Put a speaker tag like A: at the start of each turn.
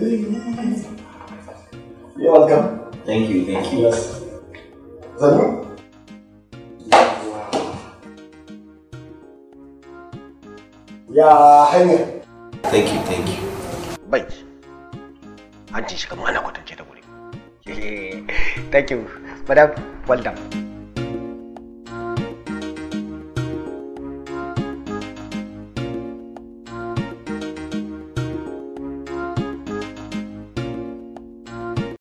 A: You're
B: welcome. Thank you, thank you. Yes. Zanu?
C: Ya hanya. Thank you, thank you. Thank you, madam. Well done.